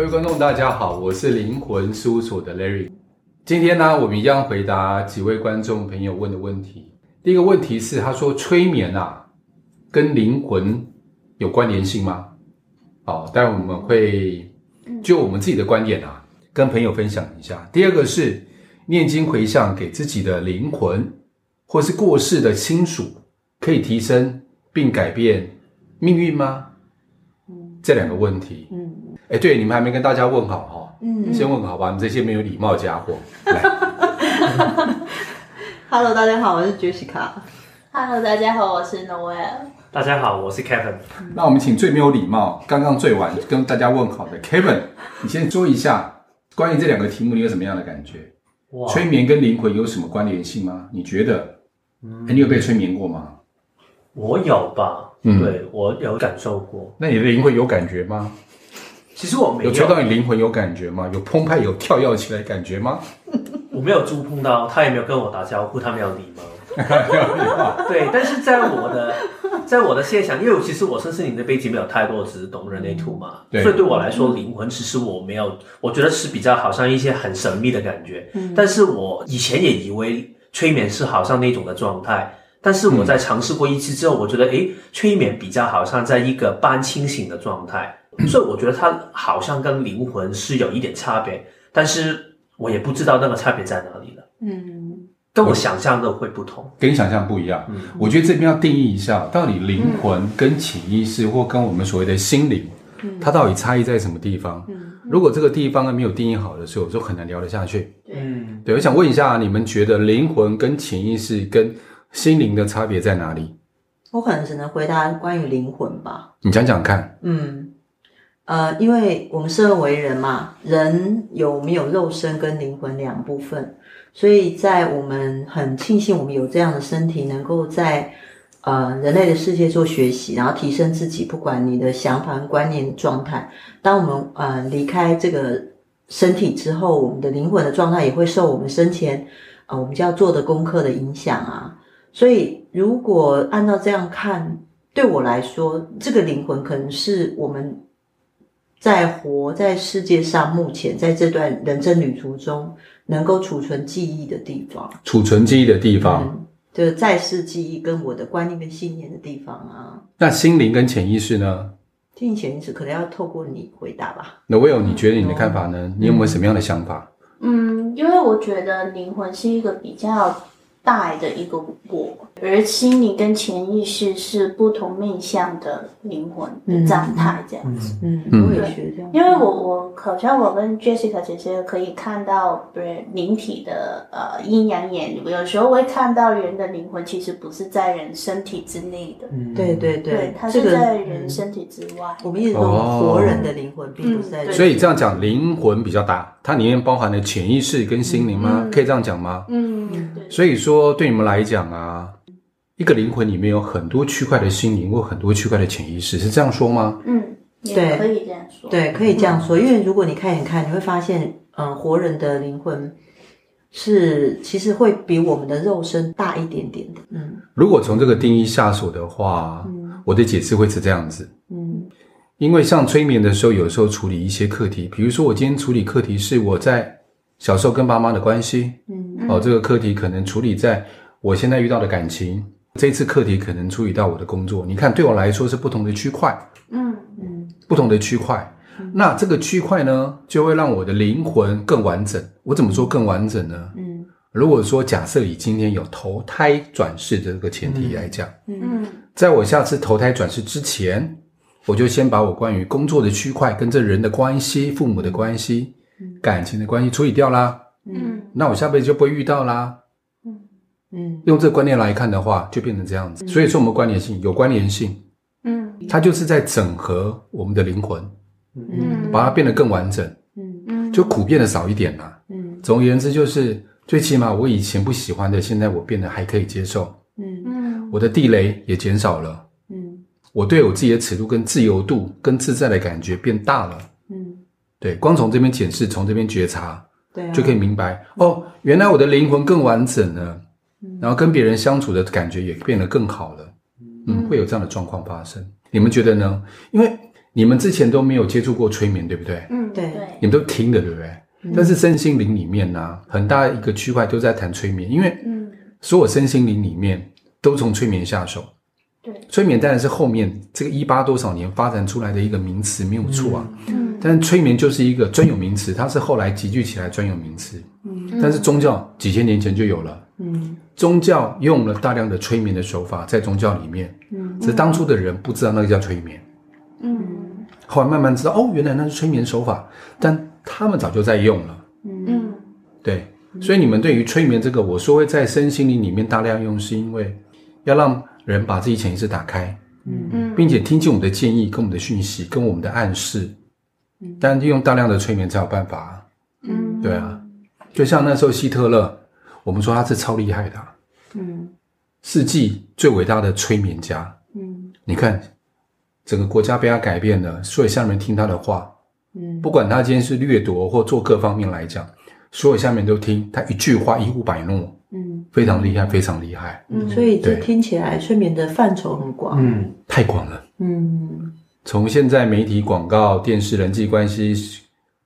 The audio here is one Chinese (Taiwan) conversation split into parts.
各位觀眾，大家好，我是靈魂事務所的 Larry。今天呢，我們一樣回答幾位觀眾朋友問的問題。第一個問題是，他說催眠啊，跟靈魂有關聯性嗎？哦，但我們會就我們自己的觀點啊，跟朋友分享一下。第二個是念經回向給自己的靈魂，或是過世的親屬，可以提升並改變命運嗎？這兩個問題，嗯，誒，對，你們還沒跟大家問好哈，嗯，嗯，先問好吧，你這些沒有禮貌的家伙。來， Hello, 大家好，我是 Jessica。哈嘍，大家好，我是 Noelle。大家好，我是 Kevin，嗯。那我們請最沒有禮貌、剛剛最晚跟大家問好的 Kevin，你先說一下關於這兩個題目，你有什麼樣的感覺？哇、wow，催眠跟靈魂有什麼關聯性嗎？你覺得？嗯，你有被催眠過嗎？我有吧。嗯、對我有感受過，那你的靈魂有感覺嗎？其實我沒有。有催到你靈魂有感覺嗎？有澎湃、有跳躍起來感覺嗎？我沒有觸碰到，他也沒有跟我打招呼，他沒有禮貌， 對，但是在我的，在我的現象，因為其實我身心靈的背景沒有太多，只是懂人類圖嘛、嗯，所以對我來說、嗯，靈魂其實我沒有，我覺得是比較好像一些很神秘的感覺。嗯。但是我以前也以為催眠是好像那種的狀態。但是我在嘗試過一次之後，嗯、我覺得誒、欸，催眠比較好像在一個半清醒的狀態、嗯，所以我覺得它好像跟靈魂是有一點差別，但是我也不知道那個差別在哪裡了。嗯，跟我想象的會不同，跟你想象不一樣、嗯。我覺得這邊要定義一下，嗯、到底靈魂跟潛意識或跟我們所謂的心靈、嗯，它到底差異在什麼地方、嗯？如果這個地方沒有定義好的時候，我就很難聊得下去。嗯，對，我想問一下，你們覺得靈魂跟潛意識跟心靈的差別在哪裡？我可能只能回答關於靈魂吧。你講講看。嗯，呃，因為我們身為人嘛，人有沒有肉身跟靈魂兩部分？所以在我們很慶幸我們有這樣的身體能夠，能夠在呃人類的世界做學習，然後提升自己。不管你的想法、觀念、狀態，當我們呃離開這個身體之後，我們的靈魂的狀態也會受我們生前呃我們就要做的功課的影響啊。所以，如果按照這樣看，對我來說，這個靈魂可能是我們，在活在世界上目前在這段人生旅途中能夠儲存記憶的地方，儲存記憶的地方就是、嗯、在世記憶跟我的觀念跟信念的地方啊。那心靈跟潛意識呢？聽你潛意識，可能要透過你回答吧。那唯有你覺得你的看法呢、嗯？你有沒有什麼樣的想法？嗯，因為我覺得靈魂是一個比較。大的一個果，而心理跟潛意識是不同面向的靈魂的狀態，這、嗯，這樣子。嗯嗯，因為我我好像我跟 Jessica 姐姐可以看到，靈體的呃陰陽眼，有時候我會看到人的靈魂其實不是在人身體之內的。嗯、對對對，對，它是在人身體之外，這個嗯。我們一直說，活人的靈魂並不是在，嗯。所以這樣講，靈魂比較大。它裡面包含了潛意識跟心靈嗎、嗯嗯，可以這樣講嗎？嗯，對。所以說，對你們來講啊，一個靈魂裡面有很多區塊的心靈，或很多區塊的潛意識，是這樣說嗎？嗯，對，可以這樣說。對，可以這樣說，因為如果你看一看，你會發現，嗯、呃，活人的靈魂是其實會比我們的肉身大一點點的。嗯，如果從這個定義下手的話、嗯，我的解釋會是這樣子。因為像催眠的時候，有時候處理一些課題，比如說我今天處理課題是我在小時候跟爸媽的關係，嗯，嗯哦，這個課題可能處理在我現在遇到的感情，這次課題可能處理到我的工作。你看，對我來說是不同的區塊，嗯嗯，不同的區塊，嗯，那這個區塊呢，就會讓我的靈魂更完整。我怎麼說更完整呢？嗯，如果說假設你今天有投胎轉世的這個前提來講，嗯，嗯，在我下次投胎轉世之前。我就先把我關於工作的區塊跟這人的關係、父母的關係、感情的關係處理掉啦。嗯，那我下輩子就不會遇到啦。嗯嗯，用這個觀念來看的話，就變成這樣子。嗯。所以說，我們關聯性有關聯性。嗯，它就是在整合我們的靈魂，嗯，把它變得更完整。嗯，就苦變得少一點嘛。嗯，總而言之，就是最起碼我以前不喜歡的，現在我變得還可以接受。嗯嗯，我的地雷也減少了。我對我自己的尺度、跟自由度、跟自在的感覺變大了。嗯，對，光從這邊檢視，從這邊覺察，啊、就可以明白、嗯、哦，原來我的靈魂更完整了、嗯。然後跟別人相處的感覺也變得更好了。嗯，嗯會有這樣的狀況發生、嗯，你們覺得呢？因為你們之前都沒有接觸過催眠，對不對？嗯，對，你們都聽的，對不對、嗯？但是身心靈裡面呢、啊，很大一個區塊都在談催眠，因為嗯，所有身心靈裡面都從催眠下手。催眠當然是後面這個一八多少年發展出來的一個名詞沒有錯啊，嗯，但催眠就是一個專有名詞，它是後來集聚起來專有名詞，嗯，但是宗教幾千年前就有了，嗯，宗教用了大量的催眠的手法在宗教裡面，嗯，所以當初的人不知道那個叫催眠，嗯，後來慢慢知道哦，原來那是催眠手法，但他們早就在用了，嗯，對，所以你們對於催眠這個我說會在身心靈裡面大量用，是因為要讓。人把自己潛意識打開，嗯嗯，並且聽進我們的建議、跟我們的訊息、跟我們的暗示，但用大量的催眠才有辦法。嗯，對啊，就像那時候希特勒，我們說他是超厲害的，嗯，世紀最偉大的催眠家。嗯，你看，整個國家被他改變了，所有下面聽他的話，嗯，不管他今天是掠奪或做各方面來講，所有下面都聽他一句話一呼百諾。嗯，非常厲害，非常厲害。嗯，所以這聽起來催眠的範疇很廣。嗯，太廣了。嗯，從現在媒體廣告、電視、人際關係、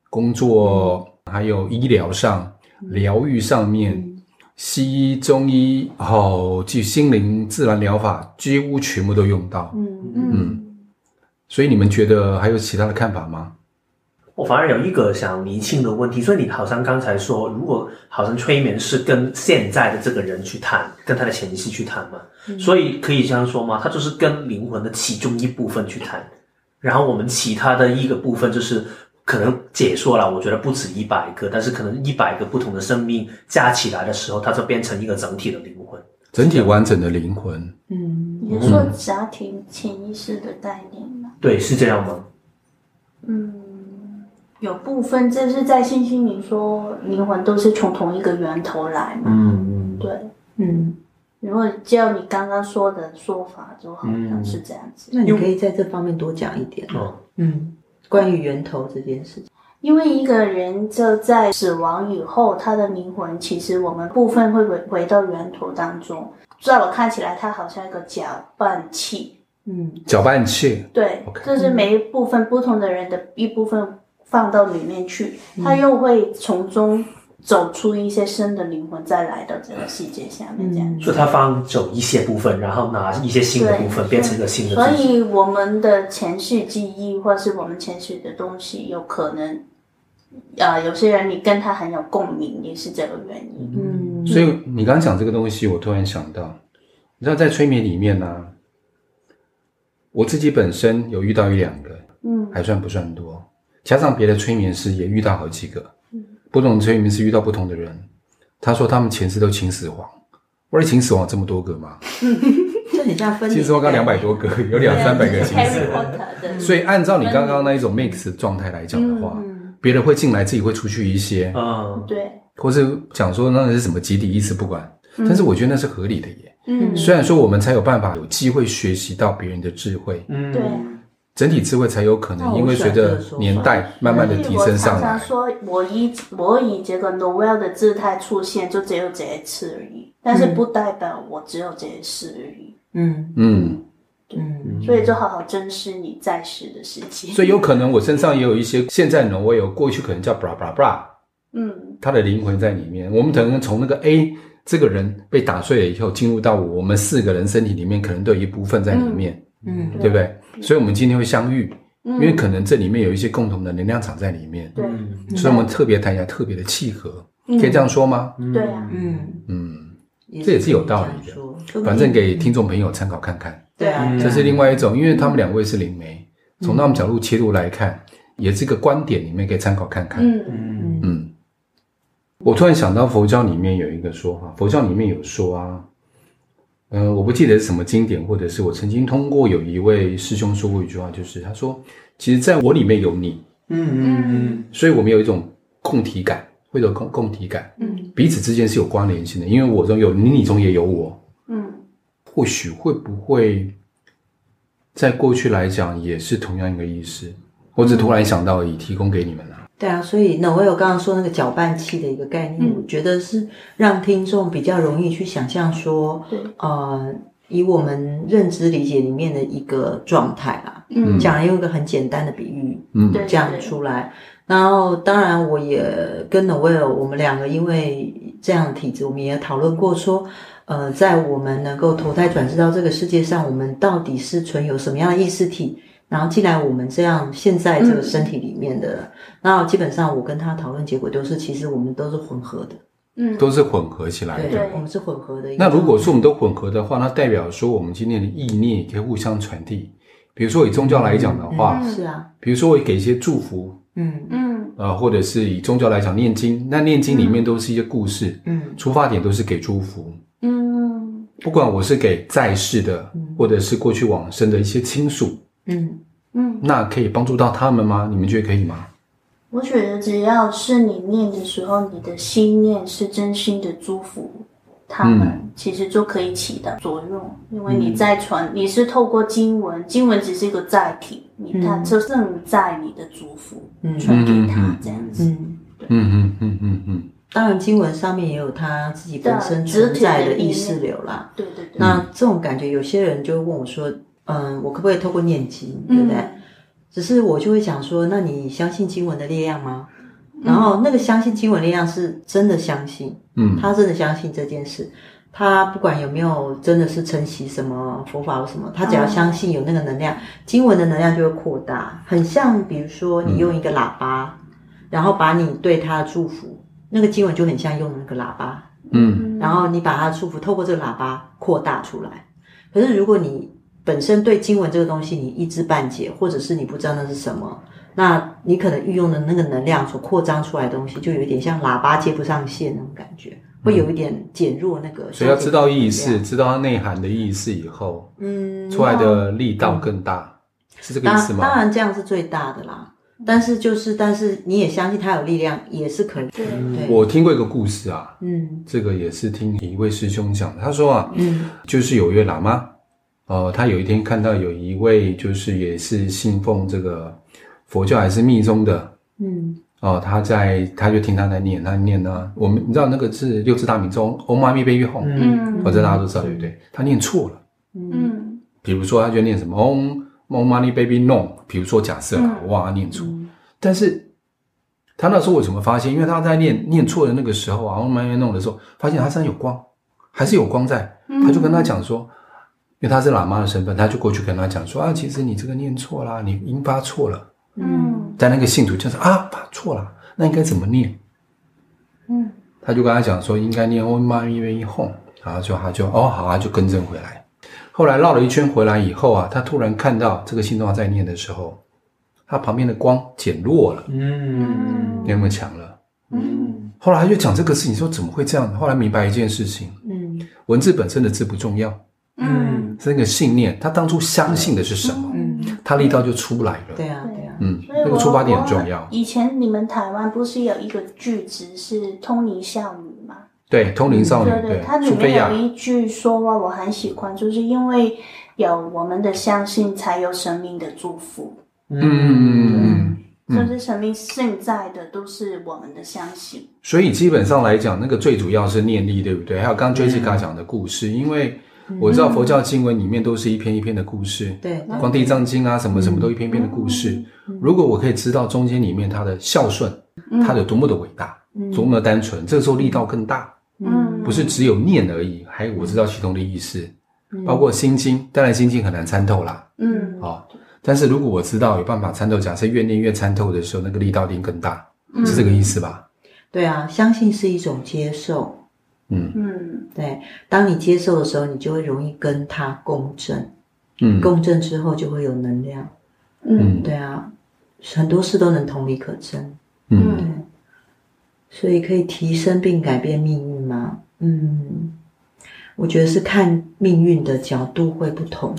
工作，嗯、還有醫療上、療癒上面，嗯、西醫、中醫，然後就心靈、自然療法，幾乎全部都用到。嗯嗯，所以你們覺得還有其他的看法嗎？我反而有一個想釐清的問題，所以你好像剛才說，如果好像催眠是跟現在的這個人去談，跟他的潛意識去談嘛、嗯，所以可以這樣說嗎？他就是跟靈魂的其中一部分去談，然後我們其他的一個部分就是可能解說了，我覺得不止一百個，但是可能一百個不同的生命加起來的時候，它就變成一個整體的靈魂，整體完整的靈魂。嗯，你說家庭潛意識的概念嗎？對，是這樣嗎？嗯。有部分，這是在信息裡說靈魂都是從同一個源頭來嘛？嗯嗯，對，嗯。如果照你剛剛說的說法，就好像是這樣子，嗯。那你可以在這方面多講一點，啊，嗯，關於源頭這件事情。因為一個人就在死亡以後，他的靈魂其實我們部分會回回到源頭當中，在我看起來，他好像一個攪拌器。嗯，攪拌器。對，okay. 這是每一部分，嗯、不同的人的一部分。放到裡面去，他又會從中走出一些新的靈魂，再來到這個世界下面。嗯、這樣子、嗯，所以他放走一些部分，然後拿一些新的部分變成一個新的。所以我們的前世記憶，或是我們前世的東西，有可能，呃，有些人你跟他很有共鳴，也是這個原因。嗯，嗯，所以你剛剛講這個東西，我突然想到，你知道，在催眠裡面呢、啊，我自己本身有遇到一兩個，嗯，還算不算多？加上別的催眠師也遇到好幾個，嗯，不同催眠師遇到不同的人。嗯、他說他們前世都秦始皇，我說秦始皇這麼多個嗎？這 分。秦始皇剛兩百多個，有兩三百個秦始皇。所以按照你剛剛那一種 mix 狀態來講的話，別人會進來，自己會出去一些。嗯，對。或是講說那是什麼集體意識不管、嗯，但是我覺得那是合理的耶。嗯，雖然說我們才有辦法有機會學習到別人的智慧。嗯，對。整體智慧才有可能，因為隨着年代慢慢的提升上來。嗯、我想說，我以我以這個 Noel 的姿態出現，就只有這一次而已。但是不代表我只有這一次而已。嗯嗯嗯，所以就好好珍惜你在世的時間。所以有可能我身上也有一些，現在 Noel 有過去可能叫布拉布拉布拉，嗯，他的靈魂在裡面。我們可能從那個 A 這個人被打碎了以後，進入到我們四個人身體裡面，可能都有一部分在裡面。嗯嗯對，對不對？所以，我們今天會相遇，嗯，因為可能這裡面有一些共同的能量場在裡面。嗯，所以，我們特別談一下，嗯、特別的契合，嗯，可以這樣說嗎？對、嗯、啊，嗯嗯，也這也是有道理的。反正給聽眾朋友參考看看。對、嗯、啊、嗯，這是另外一種，因為他們兩位是靈媒，從他們角度切入來看，也是一個觀點，你們可以參考看看。嗯嗯嗯。我突然想到佛教裡面有一個說法，佛教裡面有說啊。嗯，我不記得是什麼經典，或者是我曾經通過有一位師兄說過一句話，就是他說，其實在我裡面有你，嗯嗯嗯，所以我們有一種共體感，或者共共體感，嗯，彼此之間是有關聯性的，因為我中有你，你中也有我，嗯，或許會不會在過去來講也是同樣一個意思，我只突然想到而已，提供給你們。對啊，所以諾維爾剛剛說那個攪拌器的一個概念、嗯，我覺得是讓聽眾比較容易去想象說、嗯，呃，以我們認知理解裡面的一個狀態啊，嗯、講來用一個很簡單的比喻，嗯、講出來、嗯。然後當然我也跟諾維爾，我們兩個因為這樣的體質，我們也討論過說，呃，在我們能夠投胎轉世到這個世界上，我們到底是存有什麼樣的意識體？然後既然，我們這樣現在這個身體裡面的，嗯、那基本上我跟他討論結果都是，其實我們都是混合的，嗯，都是混合起來的。對，對我們是混合的。那如果說我們都混合的話，那代表說我們今天的意念可以互相傳遞。比如說以宗教來講的話，嗯嗯、是啊，比如說我給一些祝福，嗯嗯，啊、呃，或者是以宗教來講念經，那、嗯、念經裡面都是一些故事，嗯，嗯，出發點都是給祝福，嗯，不管我是給在世的，嗯、或者是過去往生的一些親屬。嗯嗯，那可以幫助到他們嗎？你們覺得可以嗎？我覺得，只要是你念的時候，你的心念是真心的祝福他們，其實就可以起到作用，嗯。因為你在傳、嗯，你是透過經文，經文只是一個載體，嗯、你看，就正在你的祝福傳給他，嗯、這樣子。嗯嗯嗯嗯嗯，嗯，嗯，嗯，嗯，嗯。當然，經文上面也有他自己本身存在的意識流啦。對對對，對對。那這種感覺，有些人就問我說。嗯，我可不可以透過念經，對不對？嗯、只是我就會想說，那你相信經文的力量嗎、嗯？然後那個相信經文力量是真的相信，嗯，他真的相信這件事。他不管有沒有真的是承襲什麼佛法或什麼，他只要相信有那個能量，嗯、經文的能量就會擴大。很像，比如說你用一個喇叭、嗯，然後把你對他的祝福，那個經文就很像用那個喇叭，嗯，然後你把他的祝福透過這個喇叭擴大出來。可是如果你本身對經文這個東西，你一知半解，或者是你不知道那是什麼，那你可能運用的那個能量所擴張出來的東西，就有一點像喇叭接不上線那種感覺，嗯、會有一點減弱那個姐姐。所以要知道意思，知道它內涵的意思以後，嗯，嗯出來的力道更大，嗯、是這個意思嗎？嗯、當然，這樣是最大的啦。但是就是，但是你也相信它有力量，也是可以對。對，我聽過一個故事啊，嗯，這個也是聽一位師兄講的，他說啊，嗯，就是有一位喇嘛。呃，他有一天看到有一位，就是也是信奉這個佛教還是密宗的，嗯，哦、呃，他在，他就聽他在念，他念呢，我們你知道那個是六字大明咒 Om Mani Padme Hum，嗯，我知道大家都知道對不對？他念錯了，嗯，比如說他就念什麼 Om Om Mani Padme No，比如說假設啊，我忘了他念錯，嗯、但是他那時候為什麼發現？因為他在念念錯的那個時候啊 Mani No 的時候，發現他身上有光，還是有光在，他就跟他講說。嗯因為他是喇嘛的身份，他就過去跟他講說：“啊，其實你這個念錯了，你音發錯了。”嗯。但那個信徒就說：“啊，發錯了，那應該怎麼念？”嗯。他就跟他講說：“應該念哦媽咪唄咪哄。」然後就他就哦，好啊，他就更正回來。後來繞了一圈回來以後啊，他突然看到這個信中華在念的時候，他旁邊的光減弱了，嗯，沒那麼強了嗯，嗯。後來他就講這個事情說：“怎麼會這樣？”後來明白一件事情，嗯，文字本身的字不重要。嗯，這個信念，他當初相信的是什麼嗯？嗯，他力道就出來了。對啊，對啊。嗯，那個出發點很重要。以前你們台灣不是有一個句子是通笑《通靈少女》嗎？對，《通靈少女》。對對。索非亞。他裡面有一句說話我很喜歡，就是因為有我們的相信，才有神明的祝福。嗯嗯嗯。就是神明現在的都是我們的相信、嗯。所以基本上來講，那個最主要是念力，對不對？還有剛剛 JZ 卡講的故事，嗯、因為。我知道佛教經文裡面都是一篇一篇的故事，對、嗯，光地藏經啊，什麼什麼都一篇篇的故事，嗯。如果我可以知道中間裡面它的孝順，嗯、它有多麼的偉大、嗯，多麼的單純，這個時候力道更大。嗯，不是只有念而已，嗯、還有我知道其中的意思、嗯，包括心經，當然心經很難參透啦。嗯，啊、哦，但是如果我知道有辦法參透，假設越念越參透的時候，那個力道一定更大、嗯，是這個意思吧、嗯？對啊，相信是一種接受。嗯對，當你接受的時候，你就會容易跟他共振。嗯，共振之後就會有能量。嗯，對啊，很多事都能同理可證。嗯對，所以可以提升並改變命運嗎？嗯，我覺得是看命運的角度會不同。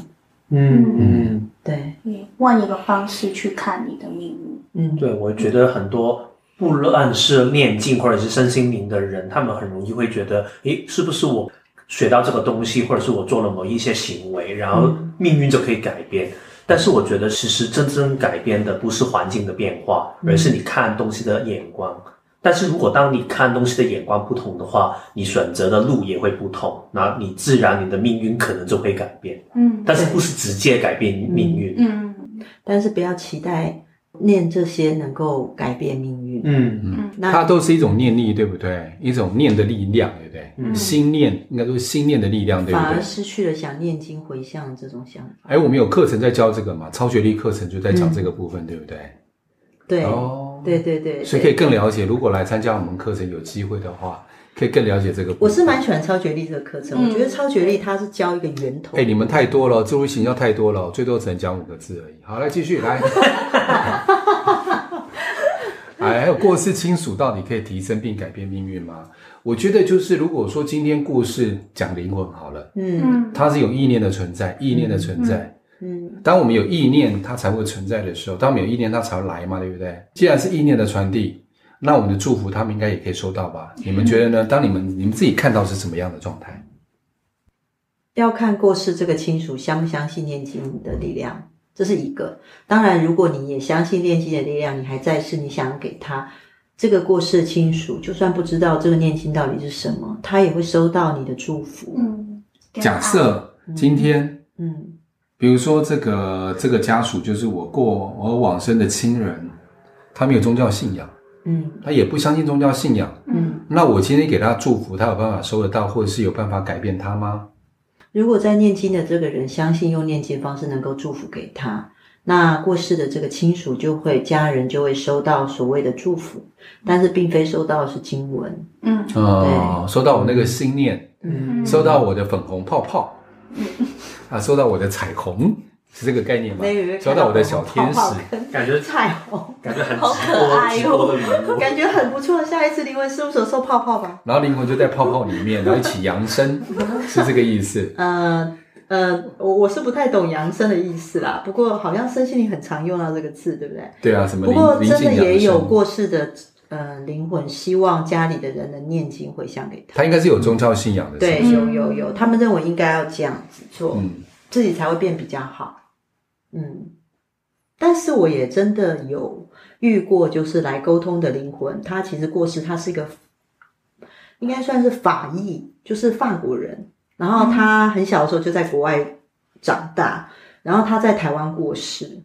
嗯嗯，對，你換一個方式去看你的命運。嗯，對，我覺得很多。不論是唸經或者是身心靈的人，他們很容易會覺得，誒，是不是我學到這個東西，或者是我做了某一些行為，然後命運就可以改變？嗯、但是我覺得，其實真正改變的不是環境的變化，而是你看東西的眼光、嗯。但是如果當你看東西的眼光不同的話，你選擇的路也會不同，那你自然你的命運可能就會改變。嗯，但是不是直接改變命運？嗯，嗯嗯，但是不要期待。念這些能夠改變命運，嗯嗯，它都是一種念力，對不對？一種念的力量，對不對？嗯、心念應該都是心念的力量，對不對？反而失去了想念經回向這種想法。哎，我們有課程在教這個嘛？超覺力課程就在講這個部分，嗯、對不對？對，哦、oh,，對對對，對，所以可以更了解對對對。如果來參加我們課程有機會的話，可以更了解這個部分。我是蠻喜歡超覺力這個課程，我覺得超覺力它是教一個源頭、嗯。哎，你們太多了，諸位形教太多了，我最多只能講五個字而已。好，來繼續來。 過世親屬到底可以提升並改變命運嗎？我覺得就是，如果說今天故事講靈魂好了，嗯，它是有意念的存在，意念的存在，嗯，嗯當我們有意念，它才會存在的時候，當我們有意念，它才會來嘛，對不對？既然是意念的傳遞，那我們的祝福他們應該也可以收到吧？嗯、你們覺得呢？當你們你們自己看到是什麼樣的狀態？要看過世這個親屬相不相信念經的力量。這是一個，當然，如果你也相信念經的力量，你還在世，你想要給他這個過世的親屬，就算不知道這個念經到底是什麼，他也會收到你的祝福。嗯，假設今天，嗯，嗯比如說這個這個家屬就是我過我往生的親人，他沒有宗教信仰，嗯，他也不相信宗教信仰，嗯，那我今天給他祝福，他有辦法收得到，或者是有辦法改變他嗎？如果在念經的這個人相信用念經方式能夠祝福給他，那過世的這個親屬就會家人就會收到所謂的祝福，但是並非收到的是經文，嗯，對、啊、哦，收到我那個心念，嗯，收到我的粉紅泡泡，嗯、啊，收到我的彩虹。是這個概念嗎？招到，我的小天使，泡泡感覺彩虹，感覺很好可愛，哦，又感覺很不錯。下一次靈魂事務所收泡泡吧。然後靈魂就在泡泡裡面， 然後一起揚升， 是這個意思。呃呃，我我是不太懂揚升的意思啦，不過好像身心靈很常用到這個字，對不對？對啊，什麼？不過真的也有過世的呃靈魂，希望家裡的人能念經回向給他。他應該是有宗教信仰的對，嗯，對，有有有，他們認為應該要這樣子做，嗯，自己才會變比較好。嗯，但是我也真的有遇過，就是來溝通的靈魂，他其實過世，他是一個應該算是法裔，就是法國人。然後他很小的時候就在國外長大，然後他在台灣過世，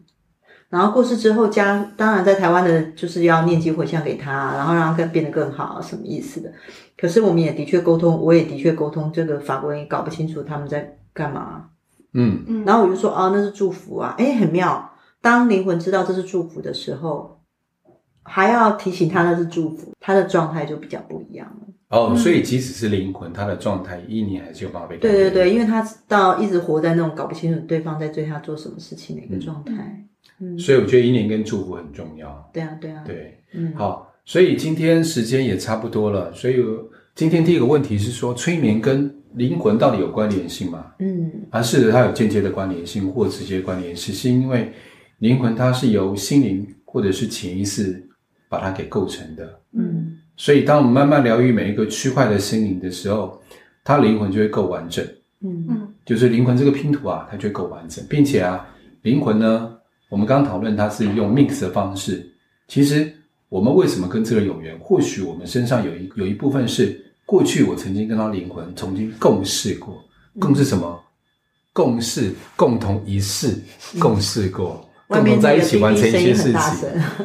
然後過世之後加，家當然在台灣的，就是要念經回向給他，然後讓他更變得更好，什麼意思的？可是我們也的確溝通，我也的確溝通，這個法國人也搞不清楚他們在幹嘛。嗯，嗯，然後我就說啊、哦，那是祝福啊，哎，很妙。當靈魂知道這是祝福的時候，還要提醒他那是祝福，他的狀態就比較不一樣了。哦，所以即使是靈魂，他的狀態一年還是有辦法被改變。對對對，因為他到一直活在那種搞不清楚對方在對他做什麼事情的一個狀態嗯。嗯，所以我覺得一年跟祝福很重要。對啊，對啊，對，嗯。好，所以今天時間也差不多了，所以今天第一個問題是說催眠跟。靈魂到底有關聯性嗎？嗯，而、啊、是的，它有間接的關聯性或直接關聯性，是因為靈魂它是由心靈或者是潛意識把它給構成的。嗯，所以當我們慢慢療癒每一個區塊的心靈的時候，它靈魂就會夠完整。嗯嗯，就是靈魂這個拼圖啊，它就夠完整，並且啊，靈魂呢，我們剛剛討論它是用 mix 的方式，其實我們為什麼跟這個有緣？或許我們身上有一有一部分是。過去我曾經跟他靈魂曾經共事過，嗯、共事什麼？共事共同一世、嗯，共事過，共同在一起完成一些事情，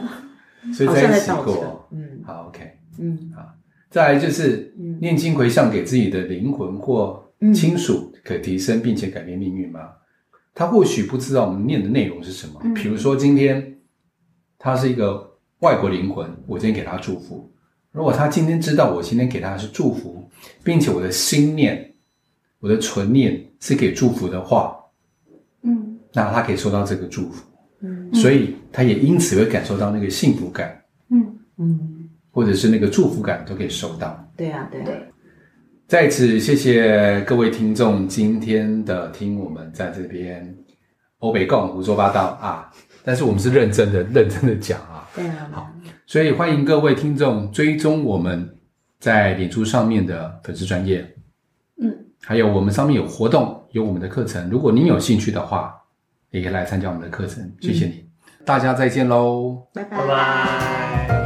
所以在一起過。哦、嗯，好，OK，嗯，好。再來就是念經迴向給自己的靈魂或親屬可提升，並且改變命運嗎、嗯？他或許不知道我們念的內容是什麼。比、嗯、如說今天他是一個外國靈魂，我今天給他祝福。如果他今天知道我今天給他的是祝福，並且我的心念，我的唇念是給祝福的話，嗯，那他可以收到這個祝福，嗯，所以他也因此會感受到那個幸福感，嗯嗯，或者是那個祝福感都可以收到，嗯。對啊，對對。在此，謝謝各位聽眾今天的聽我們在這邊歐北共胡說八道啊，但是我們是認真的，認真的講啊。對啊、好，所以歡迎各位聽眾追蹤我們在臉書上面的粉絲專頁，嗯，還有我們上面有活動，有我們的課程，如果您有興趣的話、嗯，也可以來參加我們的課程。謝謝你，嗯、大家再見嘍，拜拜。Bye bye